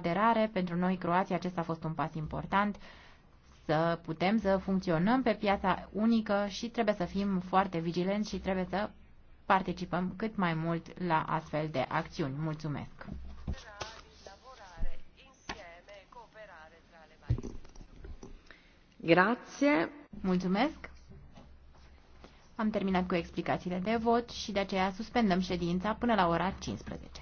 aderare. Pentru noi, Croația, acesta a fost un pas important să putem să funcționăm pe piața unică și trebuie să fim foarte vigilenți și trebuie să participăm cât mai mult la astfel de acțiuni. Mulțumesc! Grazie. Mulțumesc! Am terminat cu explicațiile de vot și de aceea suspendăm ședința până la ora 15.